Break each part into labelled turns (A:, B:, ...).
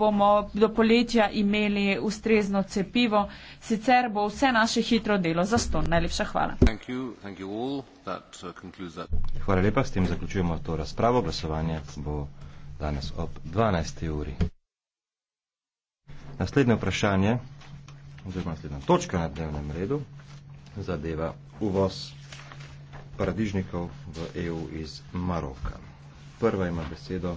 A: bomo do poletja imeli ustrezno cepivo, sicer bo vse naše hitro delo za ston. Najlepša hvala. Thank you. Thank you
B: that, uh,
A: that...
C: Hvala lepa, s tem zaključujemo to razpravo. Glasovanje bo danes ob 12. uri. Naslednje vprašanje, oziroma naslednja točka na dnevnem redu, zadeva uvoz paradižnikov v EU iz Maroka. Prva ima besedo.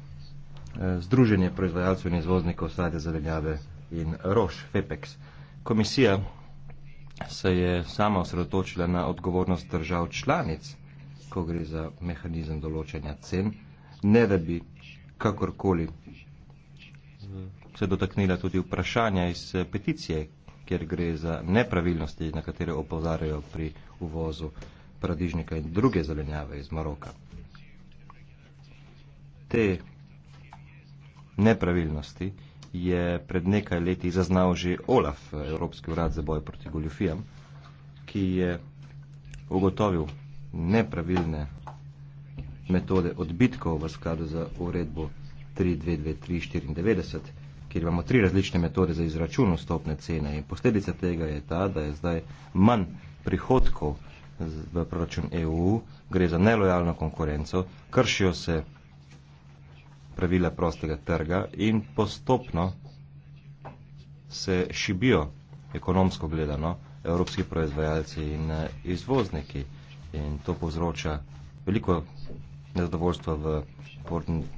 C: Eh, Združenje proizvajalcev in izvoznikov sadja zelenjave in Roš, FEPEX. Komisija se je sama osredotočila na odgovornost držav članic, ko gre za mehanizem določanja cen, ne da bi kakorkoli eh, se dotaknila tudi vprašanja iz eh, peticije, kjer gre za nepravilnosti, na katere opozarjajo pri uvozu paradižnika in druge zelenjave iz Maroka. Te nepravilnosti je pred nekaj leti zaznal že OLAF, Evropski urad za boj proti goljufijam, ki je ugotovil nepravilne metode odbitkov v skladu za uredbo 322394, kjer imamo tri različne metode za izračun stopne cene in posledica tega je ta, da je zdaj manj prihodkov v proračun EU, gre za nelojalno konkurenco, kršijo se pravila prostega trga in postopno se šibijo ekonomsko gledano evropski proizvajalci in eh, izvozniki in to povzroča veliko nezadovoljstva v,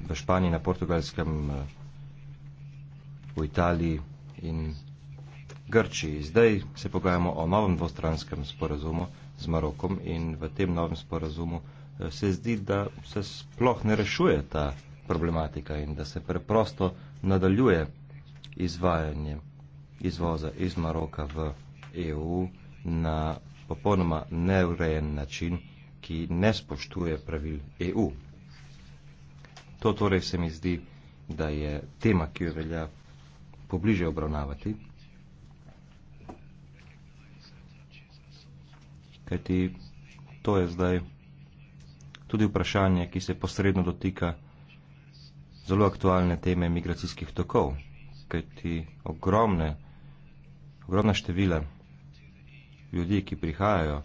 C: v Španiji, na Portugalskem, eh, v Italiji in Grčiji. Zdaj se pogajamo o novem dvostranskem sporazumu z Marokom in v tem novem sporazumu eh, se zdi, da se sploh ne rešuje ta problematika in da se preprosto nadaljuje izvajanje izvoza iz Maroka v EU na popolnoma neurejen način, ki ne spoštuje pravil EU. To torej se mi zdi, da je tema, ki jo velja pobliže obravnavati, kajti to je zdaj tudi vprašanje, ki se posredno dotika zelo aktualne teme migracijskih tokov, kajti ogromne, ogromna števila ljudi, ki prihajajo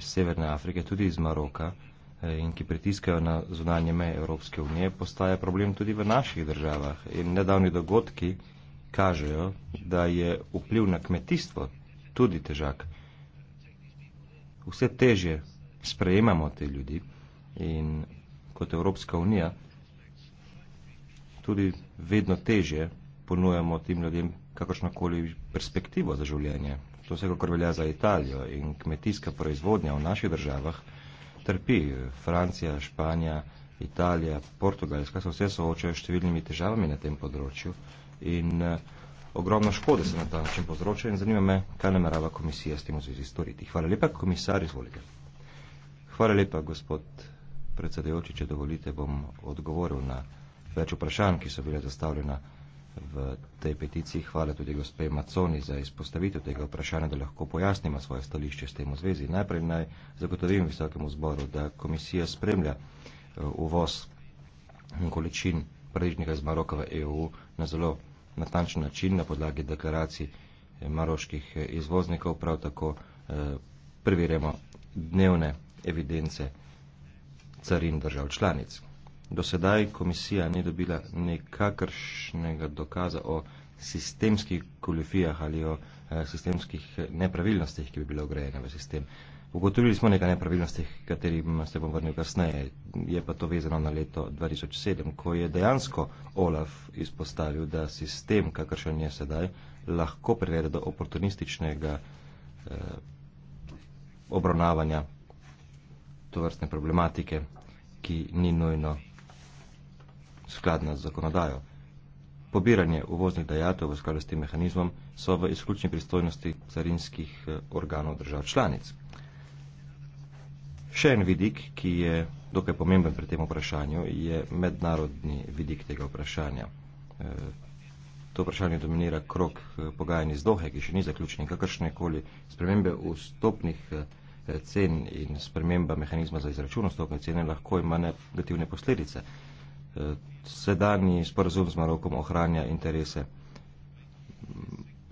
C: iz Severne Afrike, tudi iz Maroka eh, in ki pritiskajo na zunanje meje Evropske unije, postaja problem tudi v naših državah. In nedavni dogodki kažejo, da je vpliv na kmetijstvo tudi težak. Vse težje sprejemamo te ljudi in kot Evropska unija tudi vedno težje ponujamo tim ljudem kakršnokoli perspektivo za življenje. To se kakor velja za Italijo in kmetijska proizvodnja v naših državah trpi. Francija, Španija, Italija, Portugalska se vse soočajo s številnimi težavami na tem področju in eh, ogromno škode se na ta način povzroča in zanima me, kaj namerava komisija s tem v zvezi storiti. Hvala lepa, komisar, izvolite. Hvala lepa, gospod predsedujoči, če dovolite, bom odgovoril na več vprašanj, ki so bile zastavljena v tej peticiji. Hvala tudi gospe Maconi za izpostavitev tega vprašanja, da lahko pojasnimo svoje stališče s tem v zvezi. Najprej naj zagotovim visokemu zboru, da komisija spremlja eh, uvoz in količin prežnega iz Maroka v EU na zelo natančen način na podlagi deklaracij eh, maroških eh, izvoznikov. Prav tako preverjamo dnevne evidence carin držav članic. Do sedaj komisija ni dobila nekakršnega dokaza o sistemskih kolifijah ali o eh, sistemskih nepravilnostih, ki bi bile ogrejene v sistem. Ugotovili smo nekaj nepravilnostih, katerim se bom vrnil kasneje. Je pa to vezano na leto 2007, ko je dejansko Olaf izpostavil, da sistem, kakršen je sedaj, lahko privede do oportunističnega eh, obravnavanja tovrstne problematike, ki ni nujno skladna z zakonodajo. Pobiranje uvoznih dajatev v skladu s tem mehanizmom so v izključni pristojnosti carinskih eh, organov držav članic. Še en vidik, ki je dokaj pomemben pri tem vprašanju, je mednarodni vidik tega vprašanja. Eh, to vprašanje dominira krok eh, pogajanj iz Dohe, ki še ni zaključen kakršne koli spremembe vstopnih cen in sprememba mehanizma za izračun vstopne cene lahko ima negativne posledice sedanji sporazum z Marokom ohranja interese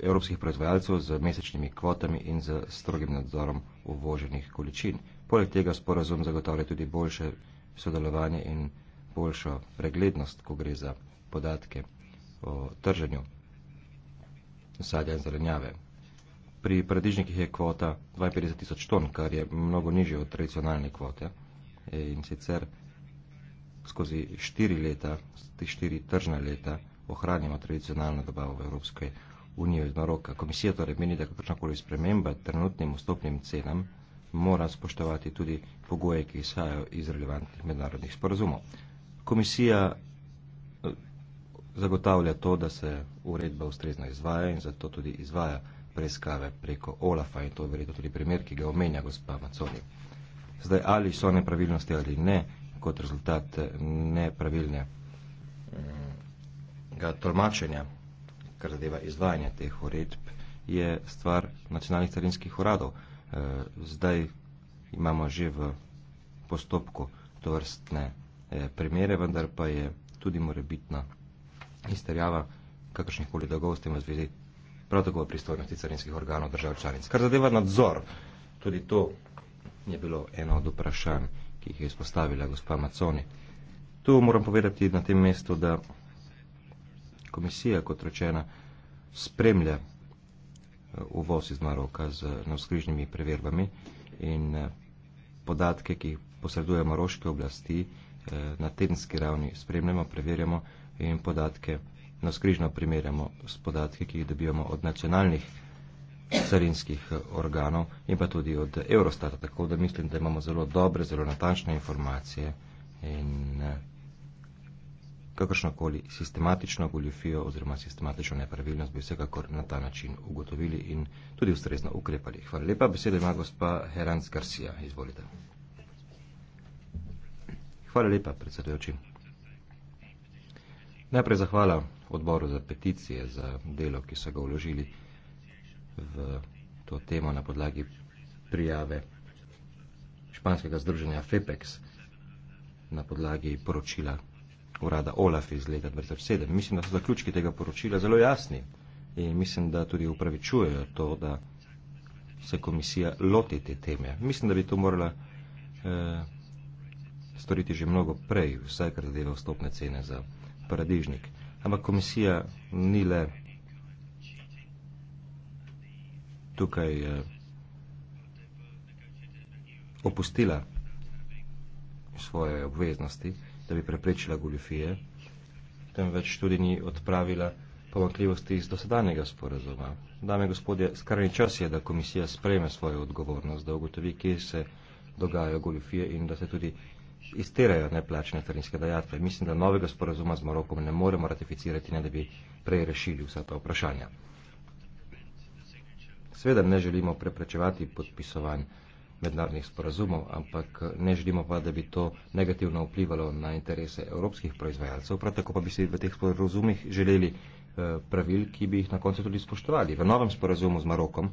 C: evropskih proizvajalcev z mesečnimi kvotami in z strogim nadzorom uvoženih količin. Poleg tega sporazum zagotavlja tudi boljše sodelovanje in boljšo preglednost, ko gre za podatke o trženju sadja in zelenjave. Pri predižnikih je kvota 52 tisoč ton, kar je mnogo nižje od tradicionalne kvote in sicer skozi štiri leta, te štiri tržna leta, ohranimo tradicionalno dobavo v Evropske unije iz Maroka. Komisija torej meni, da kakršnakoli sprememba trenutnim vstopnim cenam mora spoštovati tudi pogoje, ki izhajajo iz relevantnih mednarodnih sporazumov. Komisija eh, zagotavlja to, da se uredba ustrezno izvaja in zato tudi izvaja preiskave preko OLAFA in to je verjetno tudi primer, ki ga omenja gospa Maconi. Zdaj, ali so nepravilnosti ali ne, kot rezultat eh, nepravilnega ne, mm, tolmačenja, kar zadeva izvajanje teh uredb, je stvar nacionalnih carinskih uradov. Eh, zdaj imamo že v postopku to vrstne eh, primere, vendar pa je tudi morebitna izterjava kakršnih koli dolgov s tem zvezi prav tako v pristojnosti carinskih organov držav članic. Kar zadeva nadzor, tudi to je bilo eno od vprašanj ki jih je izpostavila gospa Maconi. Tu moram povedati na tem mestu, da komisija, kot rečena, spremlja eh, uvoz iz Maroka z eh, navskrižnimi preverbami in eh, podatke, ki jih posreduje maroške oblasti, na tedenski ravni spremljamo, preverjamo in podatke navskrižno primerjamo s podatke, ki jih dobivamo od nacionalnih oblasti carinskih eh, organov in pa tudi od Eurostata. Tako da mislim, da imamo zelo dobre, zelo natančne informacije in eh, kakršnokoli sistematično goljofijo oziroma sistematično nepravilnost bi vsekakor na ta način ugotovili in tudi ustrezno ukrepali. Hvala lepa. Besedo ima gospa Heranc Garcia. Izvolite. Hvala lepa, predsedujoči. Najprej zahvala odboru za peticije, za delo, ki so ga vložili v to temo na podlagi prijave španskega združenja FEPEX na podlagi poročila urada OLAF iz leta 2007. Mislim, da so zaključki tega poročila zelo jasni in mislim, da tudi upravičujejo to, da se komisija loti te teme. Mislim, da bi to morala eh, storiti že mnogo prej, vsaj kar zadeva vstopne cene za paradižnik. Ampak komisija ni le tukaj eh, opustila svoje obveznosti, da bi preprečila goljofije, temveč tudi ni odpravila pomakljivosti iz dosedanjega sporazuma. Dame gospodje, skrajni čas je, da komisija sprejme svojo odgovornost, da ugotovi, kje se dogajajo goljofije in da se tudi izterajo neplačene carinske dajatve. Mislim, da novega sporazuma z Marokom ne moremo ratificirati, ne da bi prej rešili vsa ta vprašanja. Sveda ne želimo preprečevati podpisovanj mednarodnih sporazumov, ampak ne želimo pa, da bi to negativno vplivalo na interese evropskih proizvajalcev, prav tako pa bi si v teh sporazumih želeli eh, pravil, ki bi jih na koncu tudi spoštovali. V novem sporazumu z Marokom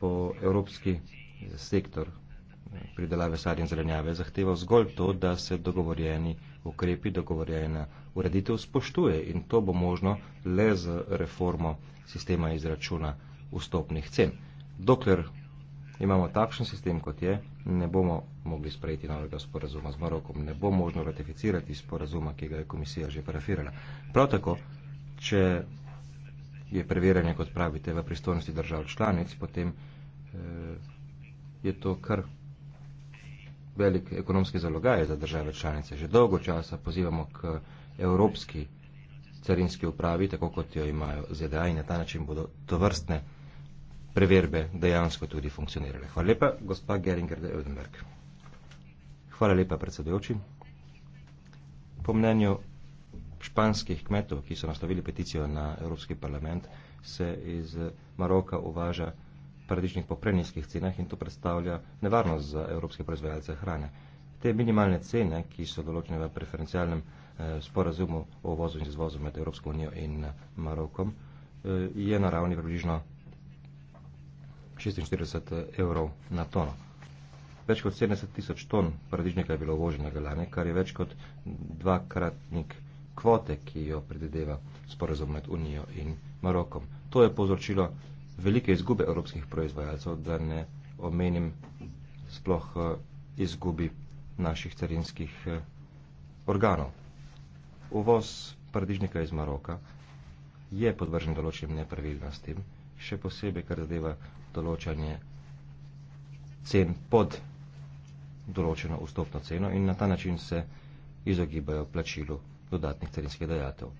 C: bo evropski sektor eh, pridelave sad in zelenjave zahteval zgolj to, da se dogovorjeni ukrepi, dogovorjena ureditev spoštuje in to bo možno le z reformo sistema izračuna vstopnih cen. Dokler imamo takšen sistem, kot je, ne bomo mogli sprejeti novega sporazuma z Marokom, ne bo možno ratificirati sporazuma, ki ga je komisija že parafirala. Prav tako, če je preverjanje, kot pravite, v pristojnosti držav članic, potem eh, je to kar velik ekonomski zalogaj za države članice. Že dolgo časa pozivamo k evropski carinski upravi, tako kot jo imajo ZDA in na ta način bodo to vrstne preverbe dejansko tudi funkcionirale. Hvala lepa, gospa Geringer de Eudenberg. Hvala lepa, predsedujoči. Po mnenju španskih kmetov, ki so naslovili peticijo na Evropski parlament, se iz Maroka uvaža paradičnih po prenizkih cenah in to predstavlja nevarnost za evropske proizvajalce hrane. Te minimalne cene, ki so določene v preferencialnem eh, sporazumu o vozu in izvozu med Evropsko unijo in eh, Marokom, eh, je na ravni približno 46 evrov na tono. Več kot 70 tisoč ton paradižnika je bilo uvoženega lani, kar je več kot dvakratnik kvote, ki jo predvideva sporazum med Unijo in Marokom. To je povzročilo velike izgube evropskih proizvajalcev, da ne omenim sploh izgubi naših carinskih organov. Uvoz paradižnika iz Maroka je podvržen določenim nepravilnostim, še posebej, kar zadeva določanje cen pod določeno vstopno ceno in na ta način se izogibajo plačilu dodatnih carinskih dajatev.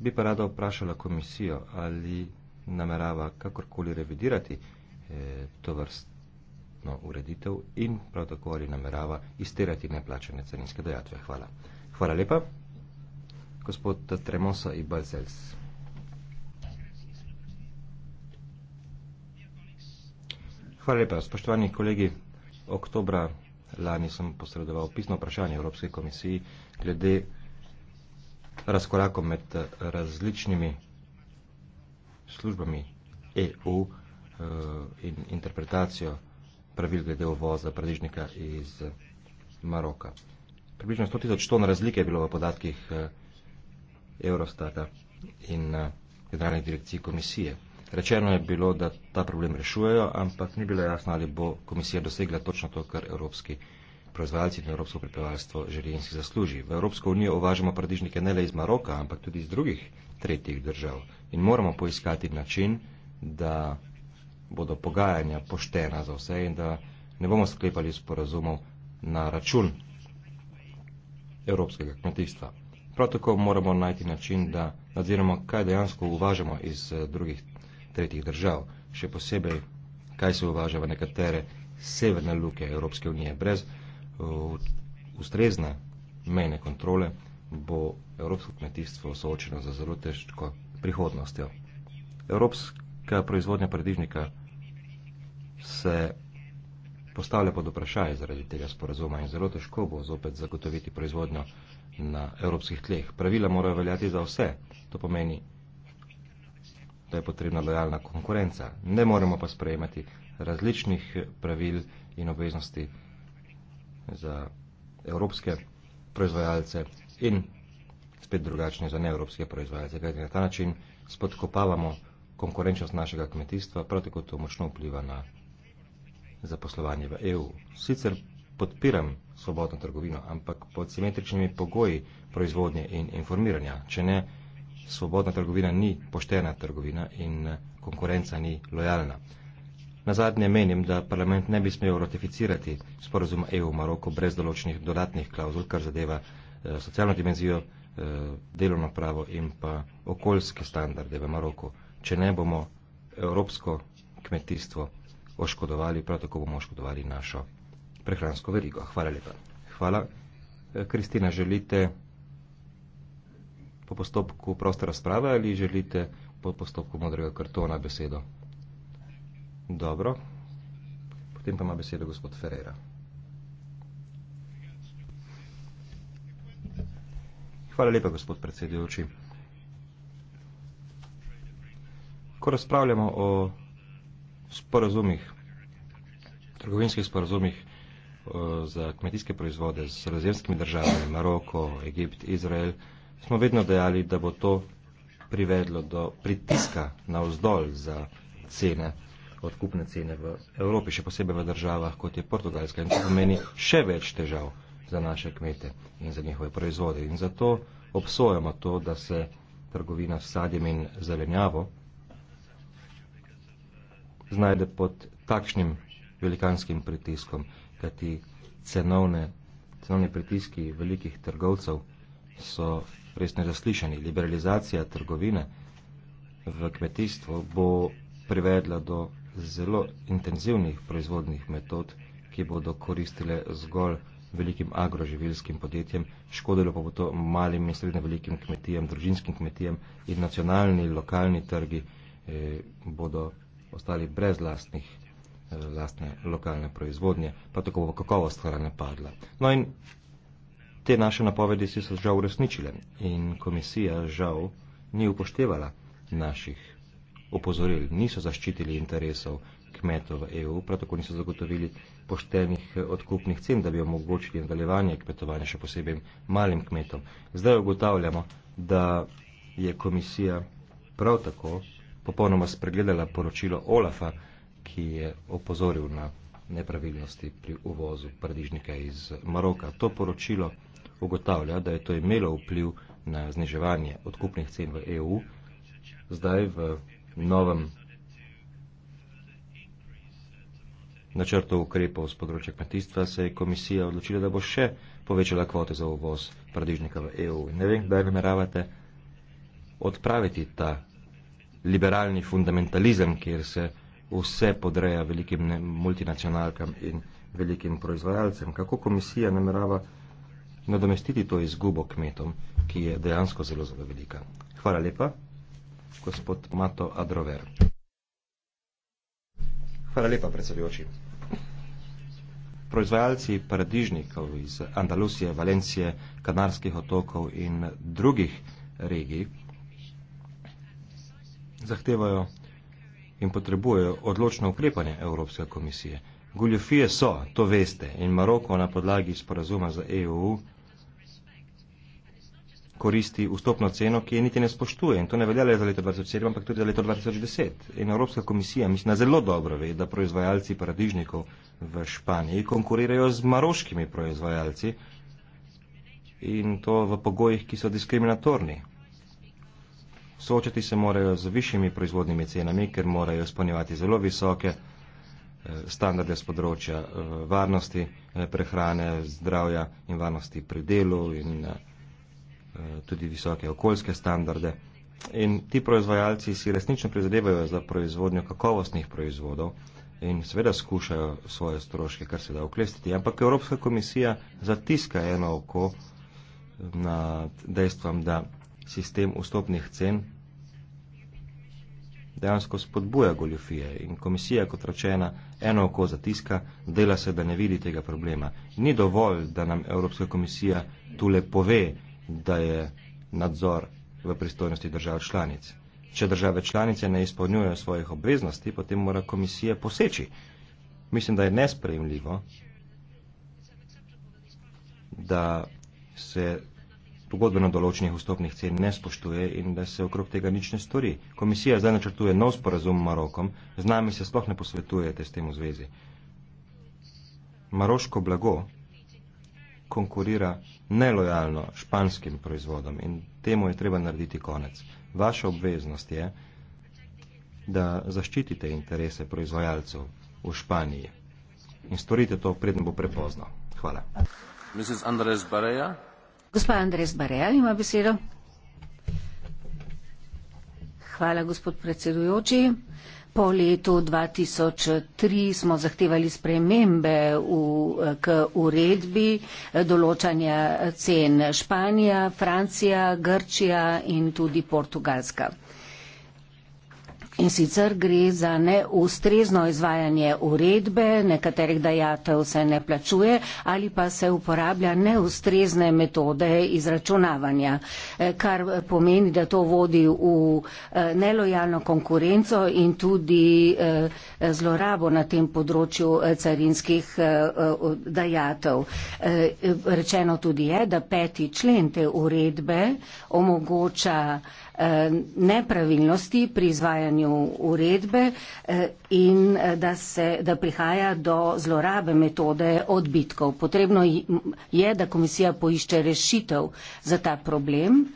C: Bi pa rada vprašala komisijo, ali namerava kakorkoli revidirati eh, to vrstno ureditev in prav tako ali namerava izterati neplačene carinske dajatve. Hvala. Hvala lepa, gospod Tremosa i Balzels. Hvala lepa. Spoštovani kolegi, oktobra lani sem posredoval pisno vprašanje Evropske komisiji glede razkorakov med različnimi službami EU eh, in interpretacijo pravil glede uvoza pradižnika iz Maroka. Približno 100 tisoč ton razlike je bilo v podatkih eh, Eurostata in eh, generalnih direkcij komisije. Rečeno je bilo, da ta problem rešujejo, ampak ni bilo jasno, ali bo komisija dosegla točno to, kar evropski proizvajalci in evropsko prepevalstvo želi in si zasluži. V Evropsko unijo uvažamo paradižnike ne le iz Maroka, ampak tudi iz drugih tretjih držav in moramo poiskati način, da bodo pogajanja poštena za vse in da ne bomo sklepali sporazumov na račun evropskega kmetijstva. Prav tako moramo najti način, da nadziramo, kaj dejansko uvažamo iz eh, drugih tretjih držav, še posebej, kaj se uvaža v nekatere severne luke Evropske unije. Brez uh, ustrezne mejne kontrole bo evropsko kmetijstvo soočeno za zelo težko prihodnostjo. Evropska proizvodnja paradižnika se postavlja pod vprašaj zaradi tega sporazuma in zelo težko bo zopet zagotoviti proizvodnjo na evropskih tleh. Pravila morajo veljati za vse. To pomeni da je potrebna lojalna konkurenca. Ne moremo pa sprejemati različnih pravil in obveznosti za evropske proizvajalce in spet drugačne za neevropske proizvajalce. Kajti na ta način spodkopavamo konkurenčnost našega kmetijstva, prav tako to močno vpliva na zaposlovanje v EU. Sicer podpiram svobodno trgovino, ampak pod simetričnimi pogoji proizvodnje in informiranja. Če ne, svobodna trgovina ni poštena trgovina in eh, konkurenca ni lojalna. Na zadnje menim, da parlament ne bi smel ratificirati sporozum EU v Maroku brez določenih dodatnih klauzul, kar zadeva eh, socialno dimenzijo, eh, delovno pravo in pa okoljske standarde v Maroku. Če ne bomo evropsko kmetijstvo oškodovali, prav tako bomo oškodovali našo prehransko verigo. Hvala lepa. Hvala. Eh, Kristina, želite po postopku proste razprave ali želite po postopku modrega kartona besedo? Dobro. Potem pa ima besedo gospod Ferreira. Hvala lepa, gospod predsedujoči. Ko razpravljamo o sporazumih, trgovinskih sporazumih eh, za kmetijske proizvode s sredozemskimi državami, Maroko, Egipt, Izrael, smo vedno dejali, da bo to privedlo do pritiska na vzdol za cene, odkupne cene v Evropi, še posebej v državah, kot je Portugalska. In to pomeni še več težav za naše kmete in za njihove proizvode. In zato obsojamo to, da se trgovina s sadjem in zelenjavo znajde pod takšnim velikanskim pritiskom, kajti cenovne, cenovne pritiski velikih trgovcev so res nerazlišeni. Liberalizacija trgovine v kmetijstvu bo privedla do zelo intenzivnih proizvodnih metod, ki bodo koristile zgolj velikim agroživilskim podjetjem, škodilo pa bo to malim in srednje velikim kmetijem, družinskim kmetijem in nacionalni, lokalni trgi eh, bodo ostali brez lastnih, eh, lastne lokalne proizvodnje, pa tako bo kakovost hrane padla. No in Te naše napovedi si so žal uresničile in komisija žal ni upoštevala naših opozoril, niso zaščitili interesov kmetov v EU, prav tako niso zagotovili poštenih eh, odkupnih cen, da bi omogočili nadaljevanje kmetovanja še posebej malim kmetom. Zdaj ugotavljamo, da je komisija prav tako popolnoma spregledala poročilo Olafa, ki je opozoril na nepravilnosti pri uvozu paradižnika iz Maroka. To poročilo См ugotavlja, da je to imelo vpliv na zniževanje odkupnih cen v EU. Zdaj v novem načrtu ukrepov z področja kmetijstva se je komisija odločila, da bo še povečala kvote za uvoz paradižnika v EU. Ne vem, kdaj nameravate odpraviti ta liberalni fundamentalizem, kjer se vse podreja velikim multinacionalkam in velikim proizvajalcem. Kako komisija namerava odpraviti? nadomestiti to izgubo kmetom, ki je dejansko zelo, zelo velika. Hvala lepa, gospod Mato Adrover. Hvala lepa, predsedujoči. Proizvajalci paradižnikov iz Andalusije, Valencije, Kanarskih otokov in drugih regij zahtevajo in potrebujejo odločno ukrepanje Evropske komisije. Guljofije so, to veste, in Maroko na podlagi sporazuma za EU koristi vstopno ceno, ki je niti ne spoštuje. In to ne velja le za leto 2007, ampak tudi za leto 2010. In Evropska komisija, mislim, zelo dobro ve, da proizvajalci paradižnikov v Španiji konkurirajo z maroškimi proizvajalci in to v pogojih, ki so diskriminatorni. Soočati se morajo z višjimi proizvodnimi cenami, ker morajo izpolnjevati zelo visoke eh, standarde z področja eh, varnosti, eh, prehrane, zdravja in varnosti pri delu in Eh, tudi visoke okoljske standarde. In ti proizvajalci si resnično prizadevajo za proizvodnjo kakovostnih proizvodov in seveda skušajo svoje stroške, kar se da oklestiti. Ampak Evropska komisija zatiska eno oko na dejstvom, da sistem vstopnih cen dejansko spodbuja goljofije in komisija kot rečena eno oko zatiska, dela se, da ne vidi tega problema. Ni dovolj, da nam Evropska komisija tule pove, da je nadzor v pristojnosti držav članic. Če države članice ne izpolnjujejo svojih obveznosti, potem mora komisija poseči. Mislim, da je nesprejemljivo, da se pogodbeno določenih vstopnih cen ne spoštuje in da se okrog tega nič ne stori. Komisija zdaj načrtuje nov sporazum Marokom, z nami se sploh ne posvetujete s tem v zvezi. Maroško blago konkurira nelojalno španskim proizvodom in temu je treba narediti konec. Vaša obveznost je, da zaščitite interese proizvajalcev v Španiji in storite to, preden bo prepozno. Hvala.
B: Mrs. Andres Barea. Gospa Andres Barea ima besedo. Hvala, gospod predsedujoči. Po letu 2003 smo zahtevali spremembe v, k uredbi določanja cen Španija, Francija, Grčija in tudi Portugalska. In sicer gre za neustrezno izvajanje uredbe, nekaterih dajatev se ne plačuje ali pa se uporablja neustrezne metode izračunavanja, eh, kar pomeni, da to vodi v eh, nelojalno konkurenco in tudi eh, zlorabo na tem področju carinskih dajatev. Rečeno tudi je, da peti člen te uredbe omogoča nepravilnosti pri izvajanju uredbe eh, in eh, da, se, da prihaja do zlorabe metode odbitkov. Potrebno je, da komisija poišče rešitev za ta problem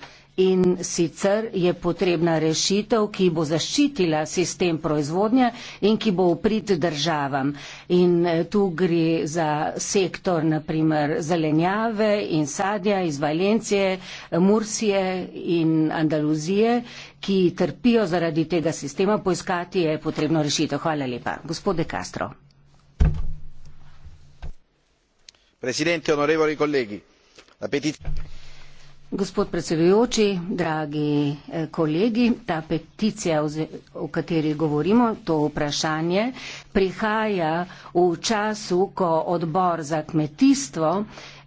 B: in sicer je potrebna rešitev, ki bo zaščitila sistem proizvodnje in ki bo uprit državam. In eh, tu gre za sektor naprimer zelenjave in sadja iz Valencije, Mursije in Andaluzije, ki trpijo zaradi tega sistema, poiskati je potrebno rešitev. Hvala lepa. Gospode Castro.
A: Predsednica, spoštovani kolegi.
B: Gospod predsedujoči, dragi eh, kolegi, ta peticija, o kateri govorimo, to vprašanje, prihaja v času, ko odbor za kmetijstvo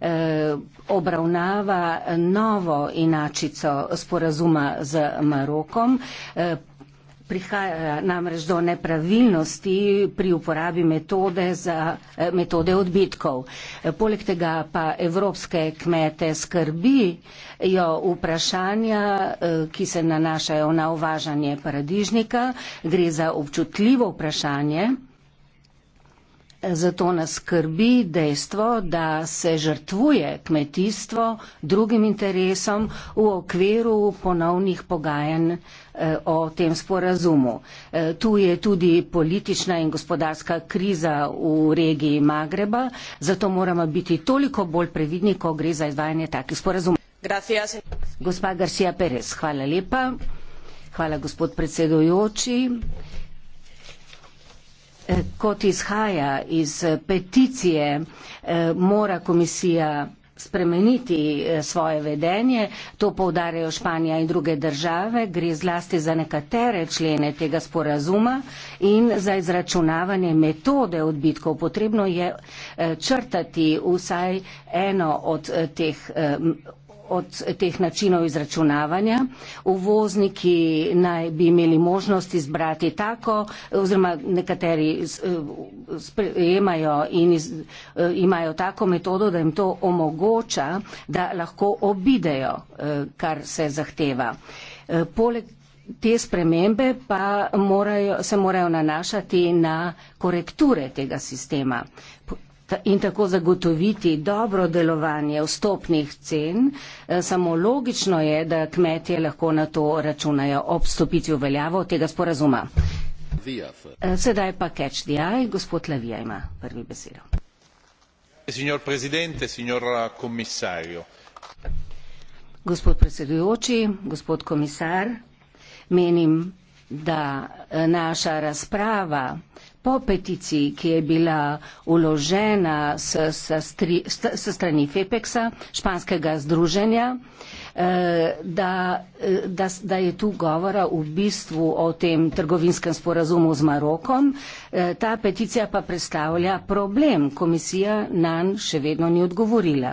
B: eh, obravnava novo inačico sporazuma z Marokom, eh, Prihaja namreč do nepravilnosti pri uporabi metode, za, eh, metode odbitkov. Eh, poleg tega pa evropske kmete skrbijo vprašanja, eh, ki se nanašajo na uvažanje paradižnika. Gre za občutljivo vprašanje. Zato nas skrbi dejstvo, da se žrtvuje kmetijstvo drugim interesom v okviru ponovnih pogajanj eh, o tem sporazumu. Eh, tu je tudi politična in gospodarska kriza v regiji Magreba, zato moramo biti toliko bolj previdni, ko gre za izvajanje takih sporazumov. Gospa Garcia Perez, hvala lepa. Hvala, gospod predsedujoči. Eh, kot izhaja iz eh, peticije, eh, mora komisija spremeniti svoje vedenje. To povdarjajo Španija in druge države. Gre zlasti za nekatere člene tega sporazuma in za izračunavanje metode odbitkov. Potrebno je črtati vsaj eno od teh od teh načinov izračunavanja. Uvozniki naj bi imeli možnost izbrati tako, oziroma nekateri eh, sprejemajo in iz, eh, imajo tako metodo, da jim to omogoča, da lahko obidejo, eh, kar se zahteva. Poleg te spremembe pa morajo, se morajo nanašati na korekture tega sistema in tako zagotoviti dobro delovanje vstopnih cen, e, samo logično je, da kmetje lahko na to računajo ob stopitvi v veljavo tega sporazuma. E, sedaj pa catch the eye, gospod Levija ima prvi besedo. Gospod predsedujoči, gospod komisar, menim, da e, naša razprava po peticiji, ki je bila uložena s, s, stri, st, s strani FEPEX-a, španskega združenja, eh, da, eh, da, da je tu govora v bistvu o tem trgovinskem sporazumu z Marokom. Eh, ta peticija pa predstavlja problem. Komisija nanj še vedno ni odgovorila.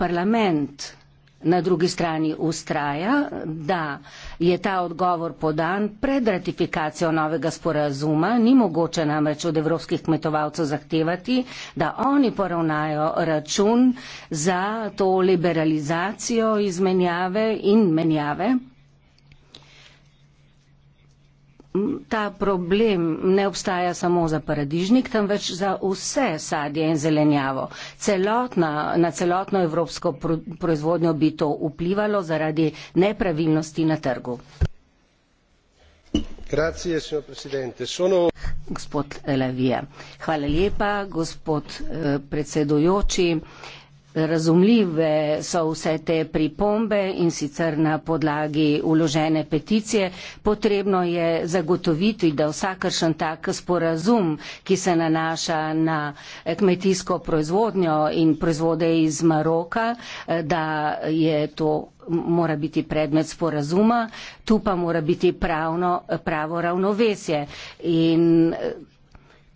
B: Parlament na drugi strani ustraja, da je ta odgovor podan pred ratifikacijo novega sporazuma, ni mogoče namreč od evropskih kmetovalcev zahtevati, da oni poravnajo račun za to liberalizacijo izmenjave in menjave ta problem ne obstaja samo za paradižnik, temveč za vse sadje in zelenjavo. Celotna, na celotno evropsko pro, proizvodnjo bi to vplivalo zaradi nepravilnosti na trgu. Grazie, Sono... Gospod Elavija, hvala lepa, gospod eh, predsedujoči. Eh, razumljive so vse te pripombe in sicer na podlagi uložene peticije. Potrebno je zagotoviti, da vsakršen tak sporazum, ki se nanaša na eh, kmetijsko proizvodnjo in proizvode iz Maroka, eh, da je to mora biti predmet sporazuma, tu pa mora biti pravno, pravo ravnovesje. In eh,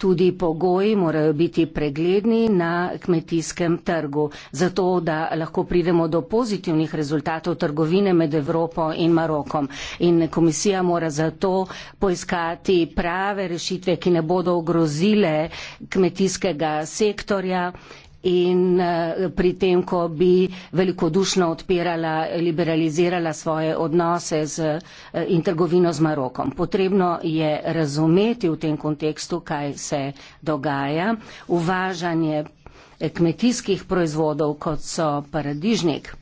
B: Tudi pogoji morajo biti pregledni na kmetijskem trgu. Zato, da lahko pridemo do pozitivnih rezultatov trgovine med Evropo in Marokom. In komisija mora zato poiskati prave rešitve, ki ne bodo ogrozile kmetijskega sektorja in eh, pri tem, ko bi velikodušno odpirala, liberalizirala svoje odnose z, eh, in trgovino z Marokom. Potrebno je razumeti v tem kontekstu, kaj se dogaja. Uvažanje eh, kmetijskih proizvodov, kot so paradižnik,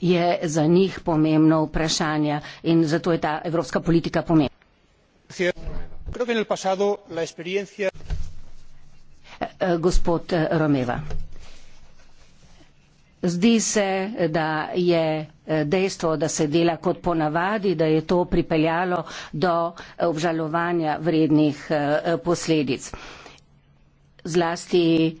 B: je za njih pomembno vprašanje in zato je ta evropska politika pomembna.
C: Creo que en el pasado la experiencia.
B: Eh, gospod eh, Romeva. Zdi se, da je eh, dejstvo, da se dela kot ponavadi, da je to pripeljalo do obžalovanja vrednih posledic. Zlasti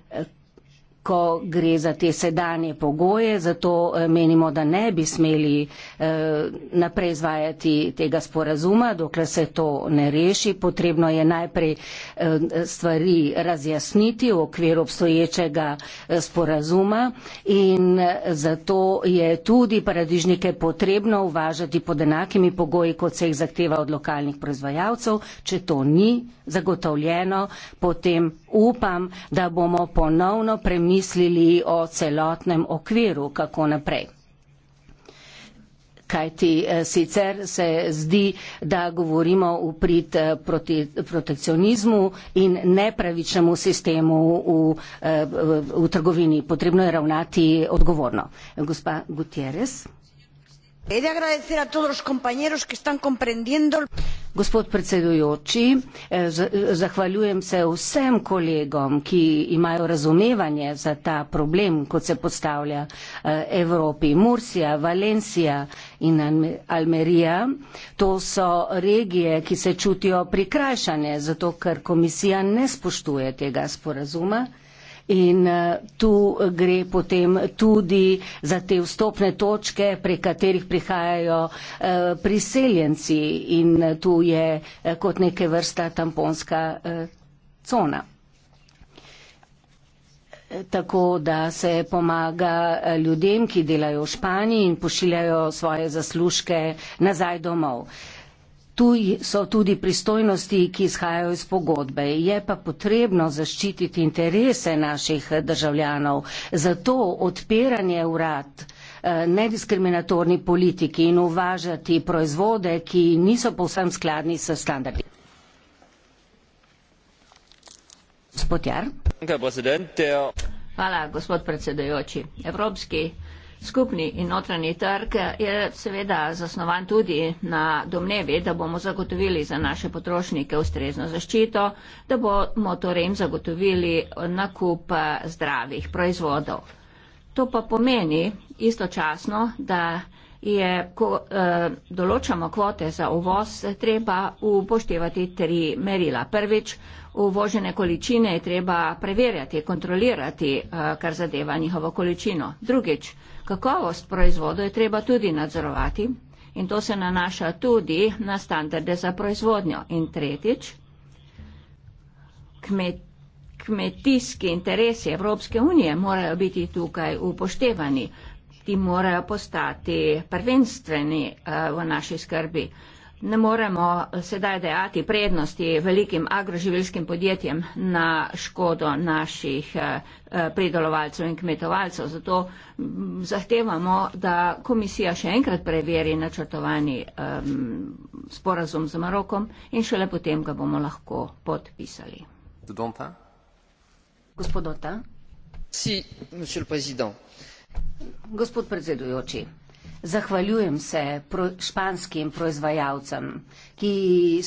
B: ko gre za te sedanje pogoje, zato eh, menimo, da ne bi smeli eh, naprej izvajati tega sporazuma, dokler se to ne reši. Potrebno je najprej eh, stvari razjasniti v okviru obstoječega sporazuma in zato je tudi paradižnike potrebno uvažati pod enakimi pogoji, kot se jih zahteva od lokalnih proizvajalcev. Če to ni zagotovljeno, potem upam, da bomo ponovno premijali razmislili o celotnem okviru, kako naprej. Kaj ti eh, sicer se zdi, da govorimo v prid eh, proti, protekcionizmu in nepravičnemu sistemu v, eh, v, v trgovini. Potrebno je ravnati odgovorno. Gospa Gutierrez.
A: He de agradecer a todos los compañeros que están comprendiendo.
B: Gospod predsedujoči, eh, zahvaljujem se vsem kolegom, ki imajo razumevanje za ta problem, kot se postavlja eh, Evropi. Mursija, Valencija in Almerija, to so regije, ki se čutijo prikrajšane, zato ker komisija ne spoštuje tega sporazuma. In eh, tu eh, gre potem tudi za te vstopne točke, prek katerih prihajajo eh, priseljenci in tu je kot neke vrsta tamponska cona. Tako da se pomaga ljudem, ki delajo v Španiji in pošiljajo svoje zaslužke nazaj domov. Tu so tudi pristojnosti, ki izhajajo iz pogodbe. Je pa potrebno zaščititi interese naših državljanov. Zato odpiranje urad eh, nediskriminatorni politiki in uvažati proizvode, ki niso povsem skladni s standardi. Gospod
A: Jar. Hvala, gospod predsedujoči. Evropski Skupni in notranji trg je seveda zasnovan tudi na domnevi, da bomo zagotovili za naše potrošnike ustrezno zaščito, da bomo torej jim zagotovili nakup eh, zdravih proizvodov. To pa pomeni istočasno, da je, ko eh, določamo kvote za uvoz, treba upoštevati tri merila. Prvič, uvožene količine je treba preverjati, kontrolirati, eh, kar zadeva njihovo količino. Drugič, kakovost proizvodov je treba tudi nadzorovati in to se nanaša tudi na standarde za proizvodnjo. In tretjič, kmet kmetijski interesi Evropske unije morajo biti tukaj upoštevani ti morajo postati prvenstveni eh, v naši skrbi. Ne moremo eh, sedaj dejati prednosti velikim agroživilskim podjetjem na škodo naših eh, pridelovalcev in kmetovalcev. Zato mm, zahtevamo, da komisija še enkrat preveri načrtovani um, sporazum z Marokom in šele potem ga bomo lahko podpisali. Gospodota.
B: Si, Gospod predsedujoči, zahvaljujem se pro, španskim proizvajalcem, ki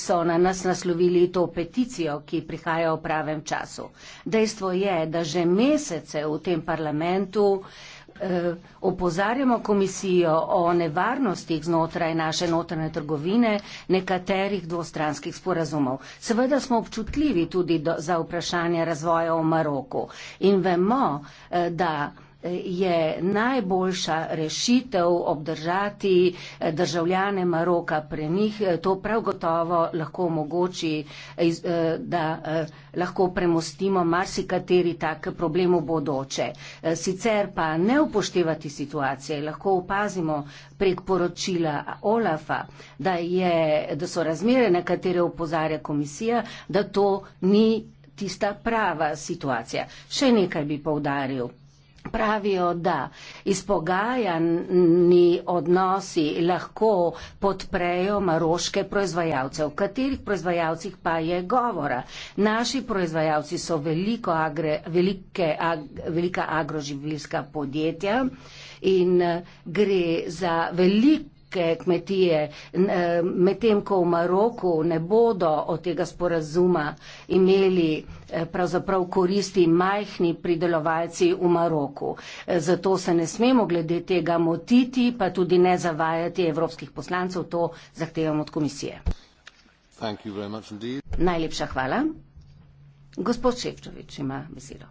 B: so na nas naslovili to peticijo, ki prihaja v pravem času. Dejstvo je, da že mesece v tem parlamentu eh, opozarjamo komisijo o nevarnostih znotraj naše notranje trgovine nekaterih dvostranskih sporazumov. Seveda smo občutljivi tudi do, za vprašanje razvoja v Maroku in vemo, eh, da je najboljša rešitev obdržati eh, državljane Maroka pre njih. Eh, to prav gotovo lahko omogoči, eh, da lahko premostimo marsikateri tak problem v bodoče. Sicer pa ne upoštevati situacije, lahko opazimo prek poročila Olafa, da, je, da so razmere, na katere upozarja komisija, da to ni tista prava situacija. Še nekaj bi povdaril. Pravijo, da izpogajani odnosi lahko podprejo maroške proizvajalce, o katerih proizvajalcih pa je govora. Naši proizvajalci so veliko agre, velike, ag, velika agroživljska podjetja in eh, gre za veliko kmetijske kmetije, eh, medtem ko v Maroku ne bodo od tega sporazuma imeli eh, pravzaprav koristi majhni pridelovalci v Maroku. Eh, zato se ne smemo glede tega motiti, pa tudi ne zavajati evropskih poslancev, to zahtevamo od komisije. Najlepša hvala. Gospod Šefčovič ima besedo.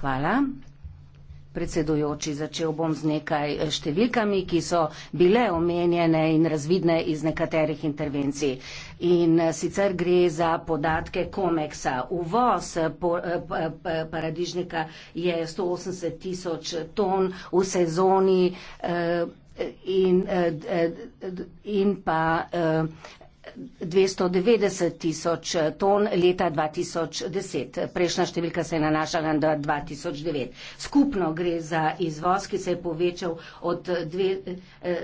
B: Hvala. Predsedujoči, začel bom z nekaj eh, številkami, ki so bile omenjene in razvidne iz nekaterih intervencij. In eh, sicer gre za podatke Komeksa. Uvoz eh, paradižnika je 180 tisoč ton v sezoni. In, in pa 290 tisoč ton leta 2010. Prejšnja številka se je nanašala na 2009. Skupno gre za izvoz, ki se je povečal od dve,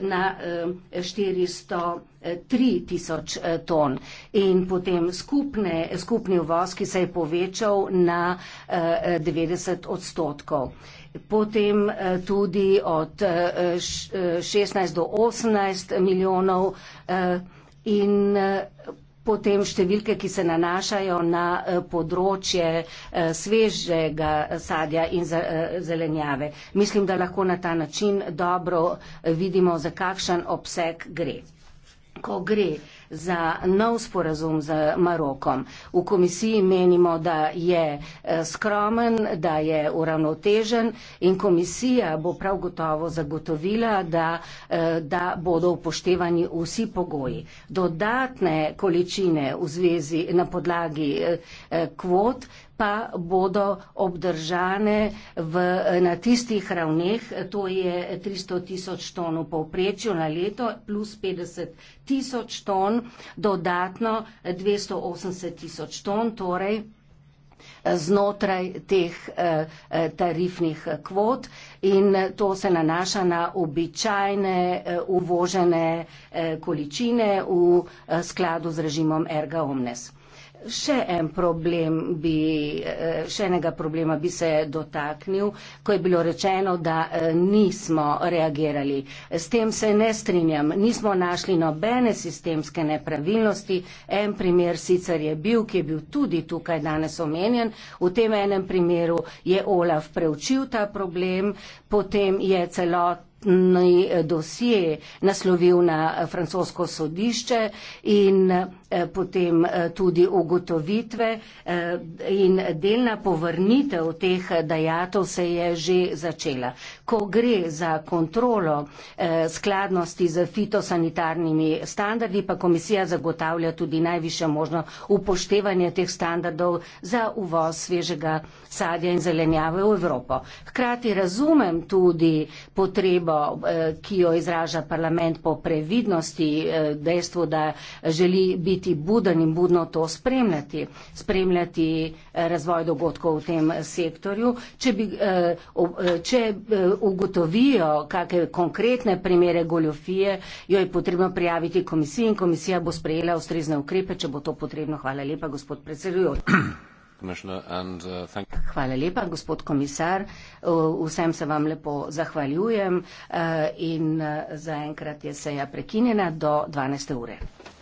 B: na 403 tisoč ton in potem skupne, skupni uvoz, ki se je povečal na 90 odstotkov. Potem tudi od 16 do 18 milijonov in eh, potem številke, ki se nanašajo na eh, področje eh, svežega sadja in zelenjave. Mislim, da lahko na ta način dobro vidimo, za kakšen obseg gre. Ko gre za nov sporazum z Marokom. V komisiji menimo, da je eh, skromen, da je uravnotežen in komisija bo prav gotovo zagotovila, da, eh, da bodo upoštevani vsi pogoji. Dodatne količine v zvezi na podlagi eh, kvot pa bodo obdržane v, na tistih ravneh, to je 300 tisoč ton v povprečju na leto, plus 50 tisoč ton, dodatno 280 tisoč ton, torej znotraj teh eh, tarifnih kvot in to se nanaša na običajne eh, uvožene eh, količine v skladu z režimom Erga Omnes. Še en problem bi, eh, še enega problema bi se dotaknil, ko je bilo rečeno, da eh, nismo reagirali. S tem se ne strinjam. Nismo našli nobene sistemske nepravilnosti. En primer sicer je bil, ki je bil tudi tukaj danes omenjen. V tem enem primeru je Olaf preučil ta problem, potem je celot eh, dosje naslovil na francosko sodišče in Eh, potem eh, tudi ugotovitve eh, in delna povrnitev teh dajatov se je že začela. Ko gre za kontrolo skladnosti z fitosanitarnimi standardi, pa komisija zagotavlja tudi najviše možno upoštevanje teh standardov za uvoz svežega sadja in zelenjave v Evropo. Hkrati razumem tudi potrebo, ki jo izraža parlament po previdnosti, dejstvo, da želi biti biti buden in budno to spremljati, spremljati eh, razvoj dogodkov v tem eh, sektorju. Če, bi, eh, če ugotovijo kakšne konkretne primere goljofije, jo je potrebno prijaviti komisiji in komisija bo sprejela ustrezne ukrepe, če bo to potrebno. Hvala lepa, gospod predsedujoč.
C: And, uh, thank...
B: Hvala lepa, gospod komisar. Vsem se vam lepo zahvaljujem uh, in uh, zaenkrat je seja prekinjena do 12. ure.